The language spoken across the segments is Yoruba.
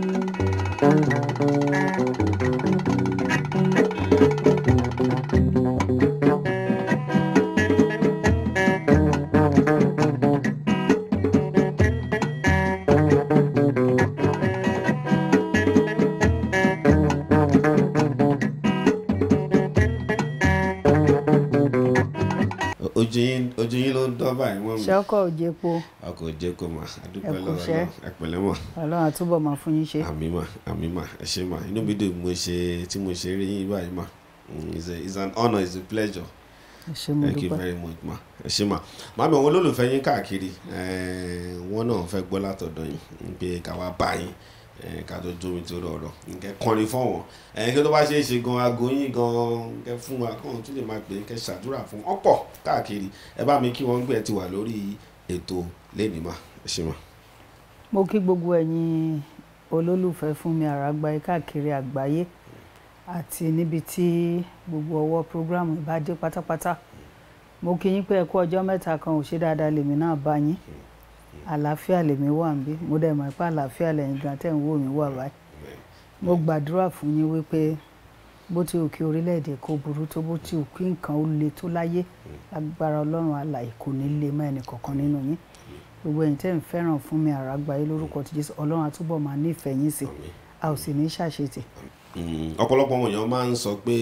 Thank you. ṣé ọkọ òjèpo ọkọ òjèpo mà ma lọ́wọ́ náà ẹ pẹ̀lẹ́ ọlọ́run àtúbọ̀ máa fún yín ṣe. àmì mà àmì mo ṣe tí mo ṣe rí mm, it's an honour it's a pleasure thank very much ma ẹ ma màmí àwọn olólùfẹ́ yín káàkiri eh, wọ́n náà fẹ́ gbọ́ látọ̀dọ̀ yín pé káwa bá yín kájọ jómi torí ọ̀rọ̀ nǹkan kọrin fún wọn ẹ̀yìn tó bá ṣe é ṣe gan aago yín gan nǹkan fún wa kóhun tún lè máa pè é kẹ́ ṣàdúrà fún ọ̀pọ̀ káàkiri ẹ bá mi kí wọ́n gbé ẹ ti wà lórí ètò lẹ́nìmá ẹ ṣe mọ́. mo kí gbogbo ẹ̀yin olólùfẹ́ Fúnmi Àràgbáyé káàkiri àgbáyé àti níbi tí gbogbo ọwọ́ programu bá dé pátápátá mo kí yín pé ẹ kú ọjọ́ mẹ́ta kan ò ṣe dáadáa lèmi náà bá yín. Mm àlàáfíà lèmi wà ń bí mo dẹ̀ mọ̀ pé àlàáfíà lẹ́yìn gan tẹ̀ ń wò mí wà báyìí mo gbàdúrà fún yín wípé bó ti òkè orílẹ̀-èdè kó burú tó bó ti òkè nǹkan ó le tó láyé lágbára ọlọ́run alààyè kò ní lè mọ́ ẹnì kọ̀ọ̀kan nínú yín gbogbo ẹ̀yin tẹ́ ń fẹ́ràn fún mi àrà gbayé lórúkọ ti jésù ọlọ́run àtúbọ̀ máa nífẹ̀ẹ́ yín sí a ò sì ní ṣàṣetì. Hmm, ọ̀pọ̀lọpọ̀ àwọn èèyàn máa ń sọ pé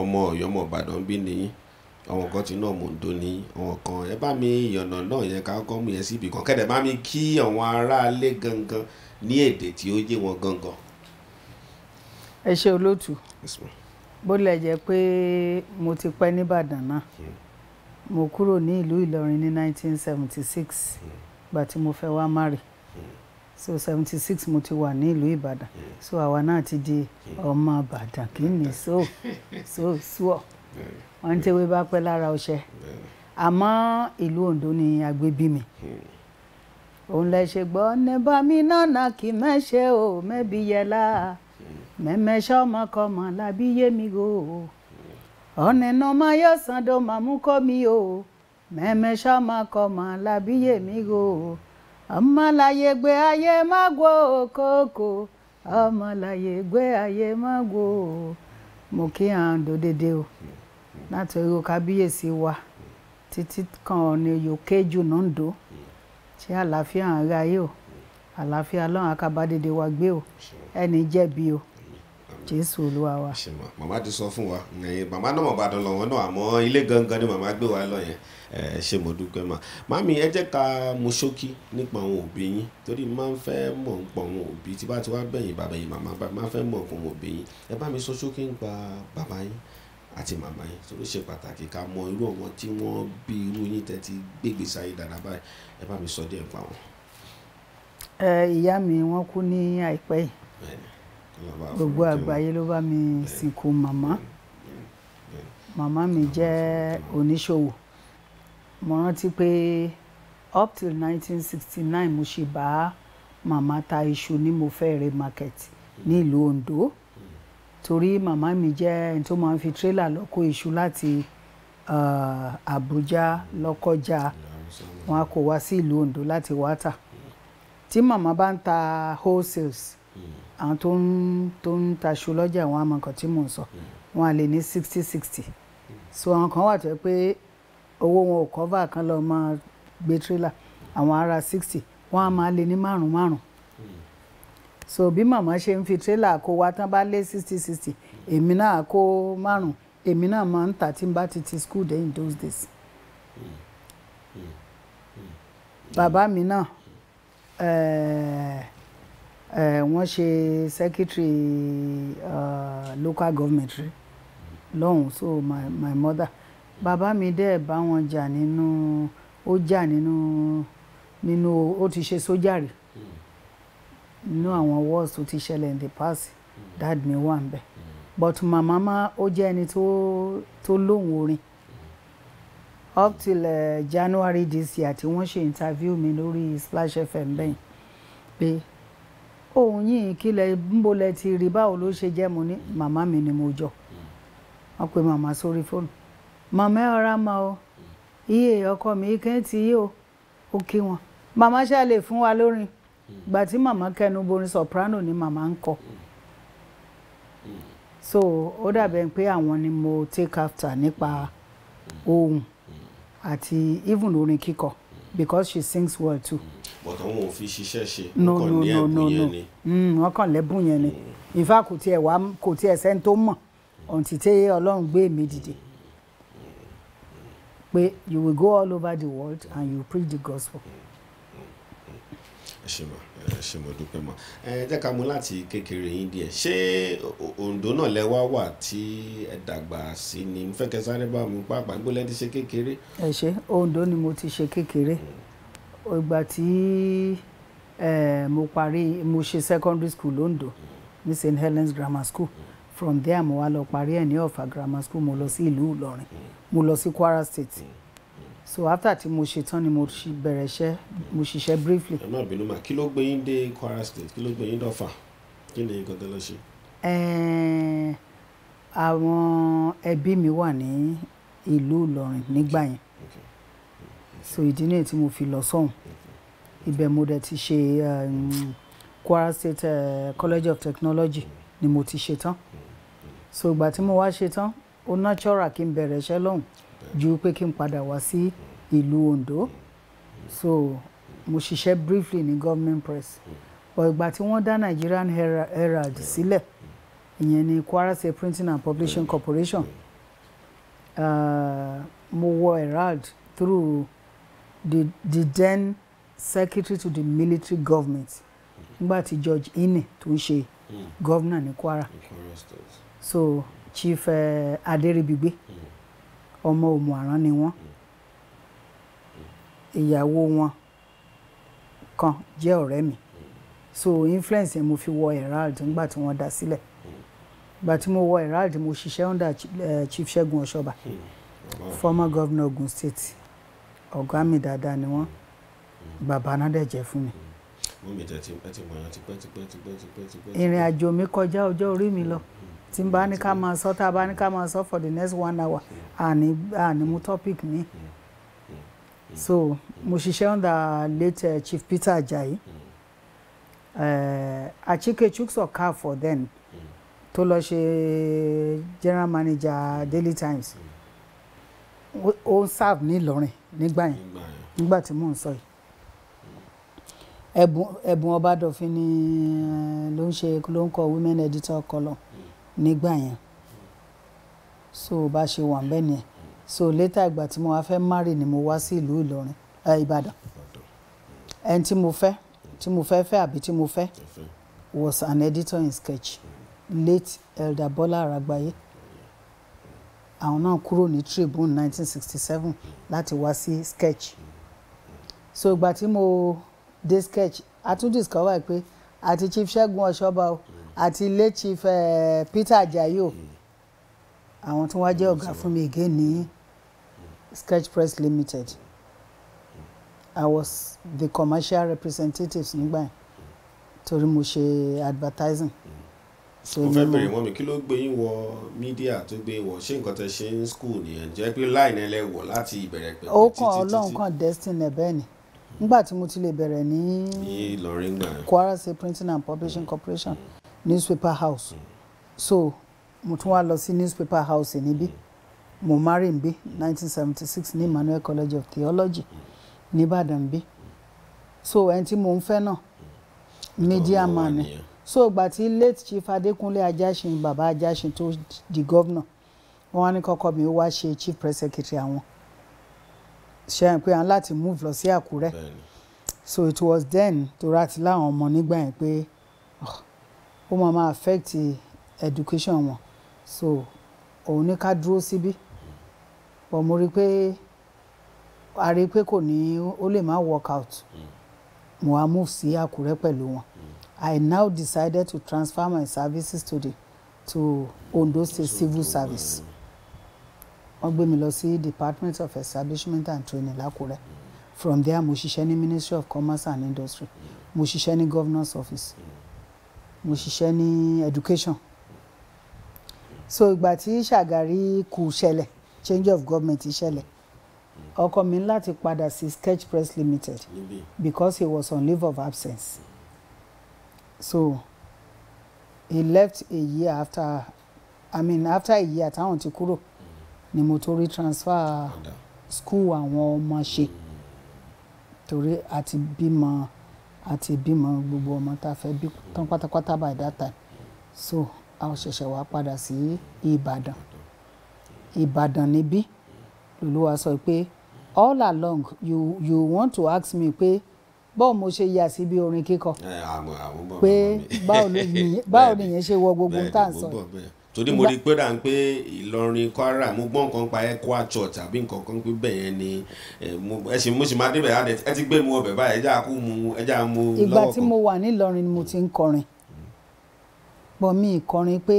ọmọ ọ̀yọ́mọ̀ ìbàdàn bí nìyí àwọn kan ti náà mò ń do ní àwọn kan ẹ bá mi ìyànnà náà yẹn ká kọ́ mú yẹn síbi kan kẹ́dẹ̀ bá mi kí àwọn aráalé gangan ní èdè tí ó yé wọn gangan. ẹ ṣe olóòtú bó jẹ́ pé mo ti pẹ́ nìbàdàn náà hmm. mo kúrò ní ìlú ìlọrin ní 1976 hmm. gbà tí mo fẹ́ wá márì hmm. so 76 mo ti wà ní ìlú ìbàdàn so àwa náà ti di ọmọ ìbàdàn kì í ní so so sùọ. so wọ́n ní tewé bá pẹ́ lára ọṣẹ àmọ́ ìlú Ondo ni agbébí mi òun lẹ ṣe gbọ́ ní bá mi nánà kí mẹ́ṣe o mẹ́bi yẹlá mẹ́mẹ́ṣẹ́ ọmọkọmọ làbí yé mi o ọ̀nìnà máa yọ sàndó màmú kọ́ mi o mẹ́mẹ́ṣẹ́ ọmọkọmọ làbí yé mi o ọmọláyé gbé ayé má gbó kókó ọmọláyé gbé ayé má gbó mo kí à ń dédé o. Mm látọ̀rí o kábíyèsí wa títí kan ní yòókè jù náà ń dò ṣé àlàáfíà ń ra yìí o àlàáfíà lọ́run akábádédé wa gbé o ẹni jẹ̀bi o jésù olúwa wa. màmá ti sọ fún wa màmá náà mọ̀ bá dán lọ́wọ́ náà àmọ́ ilé gangan ni màmá gbé wa lọ yẹn ṣe mo dúpẹ́ mà màmí ẹ jẹ́ ká mo ṣókí nípa àwọn òbí yín torí máa ń fẹ́ mọ̀ ń pọ̀ àwọn òbí tí bá ti wá bẹ̀yìn bàbá yìí màmá bá máa fẹ́ mọ̀ ń òbí yín ẹ bá mi sọ ṣókí nípa bàbá yín àti màmá yín tó ló ṣe pàtàkì ká mọ irú àwọn tí wọ́n bí irú yín tẹ́ ti gbégbé sáyé dáadáa báyìí ẹ bá mi sọ díẹ̀ nípa wọn. ẹ ìyá mi wọ́n kú ní àìpẹ́ yìí gbogbo àgbáyé ló bá mi sìnkú màmá màmá mi jẹ́ oníṣòwò mo rántí pé up till 1969 mo ṣì bá màmá ta iṣu ní mo fẹ́ rẹ market ní ìlú Ondo. Mm -hmm torí màmá mi jẹ́ ẹni tó máa ń fi tírélà lọ́kọ̀ iṣu láti Àbújá Lọ́kọ́jà wọn kò wá sí ìlú Ondo láti wá tà tí màmá bá ń ta wholesales àwọn tó ń tó ń taṣu lọ́jà wọn àmọ́ nǹkan tí mò ń sọ wọn à lè ní sixty sixty so àwọn kan wà tó pé owó wọn ò cover kan lọ máa gbé tírélà àwọn ará sixty wọn á máa lè ní márùn márùn so bí màmá ṣe ń fi tírélà kó wa tán bá lé sixty sixty èmi náà kó márùn èmi náà máa ń tà tí n bá ti ti school day in those days. bàbá mi náà eh, eh, wọ́n ṣe secretary uh, local government lọ́hùn so my, my mother bàbá mi dẹ̀ bá wọn jà nínú ó jà nínú nínú ó ti ṣe sójà rí nínú àwọn wars tó ti ṣẹlẹ̀ in the past hmm. dad mi wà nbẹ hmm. but màmá má ó jẹ́ ẹni tó tó orin hmm. up till uh, January this year tí wọ́n ṣe interview mi lórí Splash FM bẹ́yìn pé òun yìí kílẹ̀ ńbọ̀lẹ̀ ti rí báwo ló ṣe jẹ́ mo ní màmá mi ni mo jọ wọ́n pe màmá sórí fóònù màmá ọ̀rá ma o iye ọkọ mi kẹ́ntì yìí o ó kí wọn màmá ṣáà lè fún wa lórin ìgbà tí màmá kẹnu borin soprano ni màmá ń kọ so ó dàbẹ̀ pé àwọn ni mo take after nípa ohun àti even orin kíkọ because she sings well too. but àwọn ò fi ṣiṣẹ́ ṣe wọ́n kàn ní ẹ̀bùn yẹn ni. Mm, wọ́n kàn lẹ́bùn yẹn ni in fact kò tiẹ̀ wá kò tiẹ̀ sẹ́ni tó mọ̀ ọ̀ǹtí tẹ́ ọlọ́run gbé mi dìde pé you will go all over the world and you preach the gospel. Mm ẹ ṣé mà ẹ ṣé mo dúpẹ́ mà ẹ jẹ́ ká mú láti kékeré yín díẹ̀ ṣé Oǹdó náà lẹ wà tí ẹ dàgbà sí ni mo fẹ́ kẹ́ sáré bá mi pàápàá gbọ́lẹ́ ti ṣe kékeré. ẹ ṣé Oǹdó ni mo ti ṣe kékeré hmm. ìgbà tí mo parí mo ṣe secondary school l'Oǹdó ní St Helens Grammar School hmm. from there mo wá lọ parí ẹ̀ ní Ọ̀fà Grammar School mo lọ sí ìlú Ìlọrin hmm. mo lọ sí Kwara State. Mm so after tí mo ṣe tán ni mo bẹ̀rẹ̀ iṣẹ́ mo ṣiṣẹ́ briefly. ẹ má bínú mà kí ló gbé yín dé Kwara State kí ló gbé yín dọ́fà kí ni nǹkan tó lọ ṣe. àwọn ẹbí mi wà ní ìlú Ìlọrin nígbà yẹn so ìdí nìyẹn tí mo fi lọ sọ́hùn ibẹ̀ mo dẹ̀ ti ṣe um, Kwara State eh, College of Technology mm. ni mo ti ṣe tán mm, mm. so ìgbà tí mo wá ṣe tán ó natural kí n bẹ̀rẹ̀ iṣẹ́ lọ́hùn ju pé kí n padà wá sí ìlú Ondo so mo ṣiṣẹ́ briefly ní government press but ìgbà tí wọ́n dá Nigerian Herald sílẹ̀ ìyẹn ni Kwara State Printing and Publishing Corporation uh, mo wọ Herald through the the then secretary to the military government nígbà tí George Inne tó ń ṣe hmm. governor ní Kwara so Chief uh, eh, Aderibigbe. Mm ọmọ òmùaran ni wọ́n ìyàwó wọn kan jẹ́ ọ̀rẹ́ mi so influence yẹn mo fi wọ herald nígbà tí wọ́n dá sílẹ̀ ìgbà tí mo wọ herald mo ṣiṣẹ́ under eh, chief Ṣẹ́gun Ọ̀ṣọ́bà former governor Ogun State ọ̀gá mi dáadáa ni wọ́n bàbá náà dẹ̀ jẹ́ fún mi. ìrìn àjò mi kọjá ọjọ́ orí mi lọ. Mm -hmm tí n bá ní ká máa sọ tá a bá ká máa sọ for the next one hour àní àní mú topic mi so mo ṣiṣẹ́ under late uh, Chief Peter Ajayi uh, Achike Chukwusoka for then tó lọ ṣe general manager Daily Times ó ń serve ní Ìlọrin nígbà yẹn nígbà tí mò ń sọ yìí ẹ̀bùn ọbadọ̀fin ni eh, ló ń ṣe ló ń kọ women editor column nígbà yẹn so bá ṣe wà bẹ́ẹ̀ ni so later ìgbà tí mo wá fẹ́ marry ni mo wá sí ìlú Ìlọrin Ìbàdàn ẹni tí mo fẹ́ tí mo fẹ́ fẹ́ àbí tí mo fẹ́ was an editor in sketch late elder bola Àràgbáyé àwọn náà kúrò ní Tribune 1967 láti wá sí sketch so ìgbà tí mo dé sketch a tún discover pé àti Chief Ṣẹ́gun Ọ̀ṣọ́ba o. Mm -hmm àti ilé chief uh, Peter Ajayo mm. àwọn tí wọ́n jẹ́ mm. ọ̀gá fún mi again ní mm. Sketch Press Limited I was the commercial representatives nígbà yẹn torí mo ṣe advertising. Mm mo fẹ́ bèrè mọ́ mi kí ló gbé yín wọ mídíà tó gbé wọ ṣé nǹkan tẹ ṣe ń skul nìyẹn jẹ́ pé láìní ẹlẹ́wọ̀ láti ìbẹ̀rẹ̀ pẹ̀lú títí ó kàn ọlọ́run kan destiny ẹ̀ bẹ́ẹ̀ ni nígbà tí mo ti lè bẹ̀rẹ̀ ní Kwara State Printing and Publishing Corporation mm newspaper house so mo tún wá lọ sí newspaper house níbí mo marry nbí 1976 ní Emmanuel College of Theology ní Ìbàdàn so ẹni tí mo ń fẹ́ náà media man ni so ìgbà tí late chief Adekunle Ajásin bàbá Ajásin tó di governor wọn wá ní kọ́kọ́ mi wá ṣe chief press secretary àwọn ṣe àyìn pé à ń láti move lọ sí Àkúrẹ́ so it was then tó rántí láwọn ọmọ nígbà yẹn pé ó máa máa affect education wọn so òun ní ká dúró síbí but mo rí i pé a rí i pé kò ní ó lè má work out mo wá move sí Àkúrẹ́ pẹ̀lú wọn I now decided to transfer my services to the to Ondo State Civil Service wọ́n gbé mi lọ sí Department of Establishment and Training l'Àkúrẹ́ from there mo ṣiṣẹ́ ní Ministry of Commerce and Industry mo ṣiṣẹ́ ní Governor's Office. Mm -hmm mo ṣiṣẹ́ ní education so ìgbà tí Ṣàgárí kù ṣẹlẹ̀ change of government ṣẹlẹ̀ ọkọ mi láti padà sí Sketch Press Limited because he was on leave of absence so he left a year after i mean after a year táwọn ti kúrò ni mo tó transfer school àwọn ọmọ ṣe torí àti bímọ àti ìbímọ gbogbo ọmọ tá a fẹ́ bí tán pátápátá by that so a ò ṣẹ̀ṣẹ̀ wá padà sí Ìbàdàn Ìbàdàn níbí lòlúwa sọ pé all along you you want to ask me pé báwo mo ṣe yà sí bí orin kíkọ eh, pé báwo nìyẹn ṣe wọ gbogbo tá à ń sọ yìí torí mo rí i pé rà ń pé Ìlọrin Kwara mo gbọ́ nǹkan pa Ekwa Church tàbí nǹkan kan pé bẹ́ẹ̀ yẹn ni ẹ̀sìn mo sì máa débẹ̀ á ẹ ti gbé mu ọbẹ̀ báyìí ẹja kú mu ẹja mu lọ́wọ́ kan. ìgbà tí mo wà nílọrin ni mo ti ń kọrin pọ̀ mi ìkọrin pé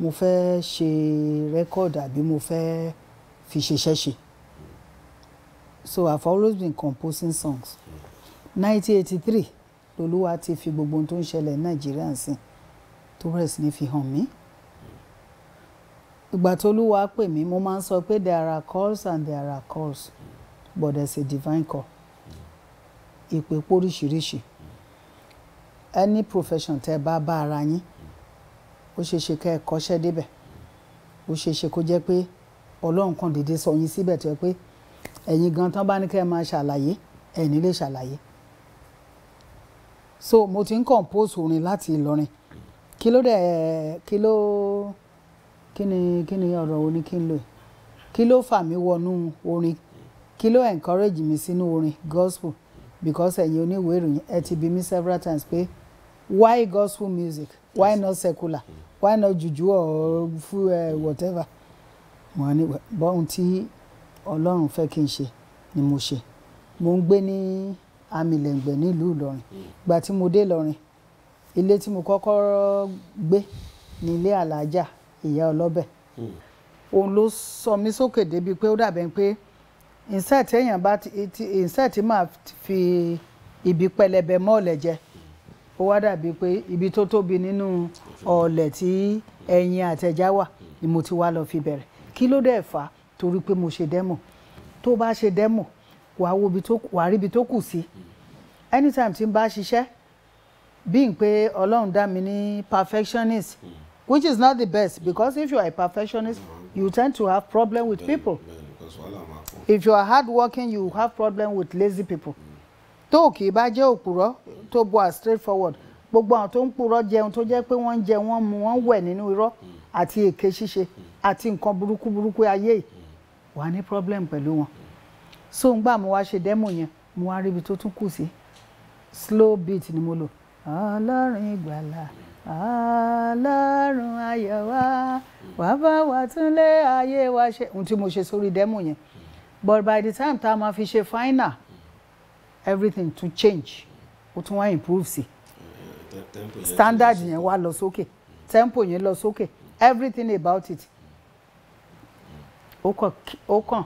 mo fẹ́ ṣe rẹ́kọ̀dì àbí mo fẹ́ fi ṣiṣẹ́ ṣe so I have always been composing songs 1983 lolúwa ti fi gbogbo ohun tó ń ṣẹlẹ̀ Nàìjíríà sìn tó bẹ̀rẹ̀ sí ní fi hàn mí ìgbà tó olúwa pè mí mo máa ń sọ pé there are calls and there are calls but there is a divine call ìpè póríṣiríṣi any profession tẹ́ bá bá ara yín ó ṣeé ṣe kẹ́ ẹ kọ́ṣẹ́ débẹ̀ ó ṣeé ṣe kó jẹ́ pé ọlọ́run kan dédé sọ yín síbẹ̀ tó yẹ pé ẹ̀yin gan tán bá ní kẹ́ ẹ máa ṣàlàyé ẹ̀yin lè ṣàlàyé so mo ti ń compose orin láti Ìlọrin Kilo ló dẹ̀ kí ló kí ni kí ni Kilo wo ni kí n wọnú orin kí encourage mi sínú orin gospel because ẹ̀yin oníwèé ìròyìn ẹ ti bi mí several times pe. why gospel music why not secular why not juju or eh, whatever mo ní bọ́hùn tí ọlọ́run fẹ́ kí n ṣe ni mo ṣe mo ń gbé ní amìlẹ̀ǹgbẹ̀ nílùú ìlọrin mm. ìgbà tí mo dé ìlọrin ilé tí mo kọ́kọ́ gbé ní ilé alájà ìyá ọlọ́bẹ̀ òun hmm. ló sọ mí sókè débi pé ó dàbẹ̀ pé insect èèyàn bá ti insect máa fi ibi pẹlẹbẹ mọ́ ọ̀lẹ̀ jẹ ó wá dàbí pé ibi tó tóbi nínú ọ̀lẹ̀ tí ẹyin àtẹ̀já wà ni mo ti wá lọ fi bẹ̀rẹ̀ kí ló dẹ̀ fà á torí pé mo ṣe dẹ́mọ̀ tó bá ṣe dẹ́mọ̀ wàá wo ibi tó wàá rí ibi tó kù sí anytime tí n bá ṣiṣẹ́ being pé Ọlọ́run dá mi ní perfectionist mm. which is not the best because if you are a perfectionist mm. you tend to have problem with then, people then, if you are hardworking you have problem with lazy people hmm. tó kì í bá jẹ́ òpùrọ́ tó bọ́ à straight forward gbogbo àwọn tó ń purọ́ jẹun tó jẹ́ pé wọ́n ń jẹ wọ́n mu wọ́n wẹ̀ nínú irọ́ hmm. àti èké ṣíṣe hmm. àti nǹkan burúkú burúkú ayé yìí wà ní problem pẹ̀lú wọn so ń gbà mo wá ṣe demo yẹn mo wá ríbi tó tún kù sí slow beat ni mo lò ọlọ́run ìgbàlà ọlọ́run ayọ̀ wa wà bá wa túnlé ayé wa ṣe ohun tí mo ṣe sórí dẹ́mù yẹn but by the time tá a máa fi ṣe final everything to change ó tún wá improve sí standard yẹn wá lọ sókè tempo yẹn lọ sókè everything about it ó kàn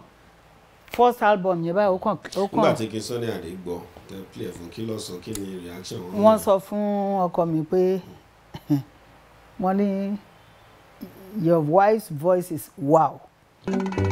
first album yẹn báyìí ó kàn nígbà tí kí Sunny Adé gbọ́ tẹ play fún kí ló sọ kí ni reaction wọn. wọ́n sọ fún ọkọ mi pé wọ́n ní your wife's voice is wow. Mm -hmm.